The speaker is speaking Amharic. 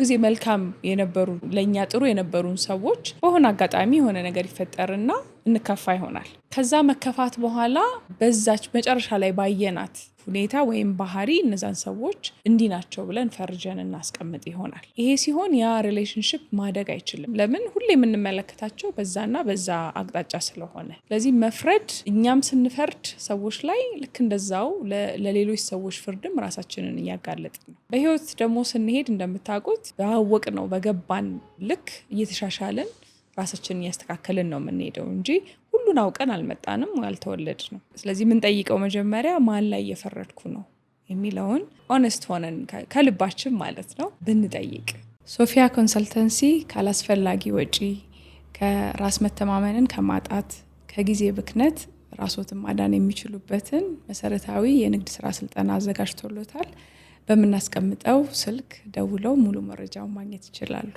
ጊዜ መልካም የነበሩ ለእኛ ጥሩ የነበሩን ሰዎች በሆነ አጋጣሚ የሆነ ነገር ይፈጠርና እንከፋ ይሆናል። ከዛ መከፋት በኋላ በዛች መጨረሻ ላይ ባየናት ሁኔታ ወይም ባህሪ እነዛን ሰዎች እንዲህ ናቸው ብለን ፈርጀን እናስቀምጥ ይሆናል። ይሄ ሲሆን ያ ሪሌሽንሽፕ ማደግ አይችልም። ለምን? ሁሌ የምንመለከታቸው በዛና በዛ አቅጣጫ ስለሆነ። ስለዚህ መፍረድ እኛም ስንፈርድ ሰዎች ላይ ልክ እንደዛው ለሌሎች ሰዎች ፍርድም ራሳችንን እያጋለጥን ነው። በህይወት ደግሞ ስንሄድ እንደምታውቁት ባወቅ ነው በገባን ልክ እየተሻሻልን ራሳችንን እያስተካከልን ነው የምንሄደው እንጂ ሁሉን አውቀን አልመጣንም፣ አልተወለድ ነው። ስለዚህ የምንጠይቀው መጀመሪያ ማን ላይ እየፈረድኩ ነው የሚለውን ኦነስት ሆነን ከልባችን ማለት ነው ብንጠይቅ። ሶፊያ ኮንሰልተንሲ ካላስፈላጊ ወጪ፣ ከራስ መተማመንን ከማጣት፣ ከጊዜ ብክነት ራስዎትን ማዳን የሚችሉበትን መሰረታዊ የንግድ ስራ ስልጠና አዘጋጅቶሎታል። በምናስቀምጠው ስልክ ደውለው ሙሉ መረጃውን ማግኘት ይችላሉ።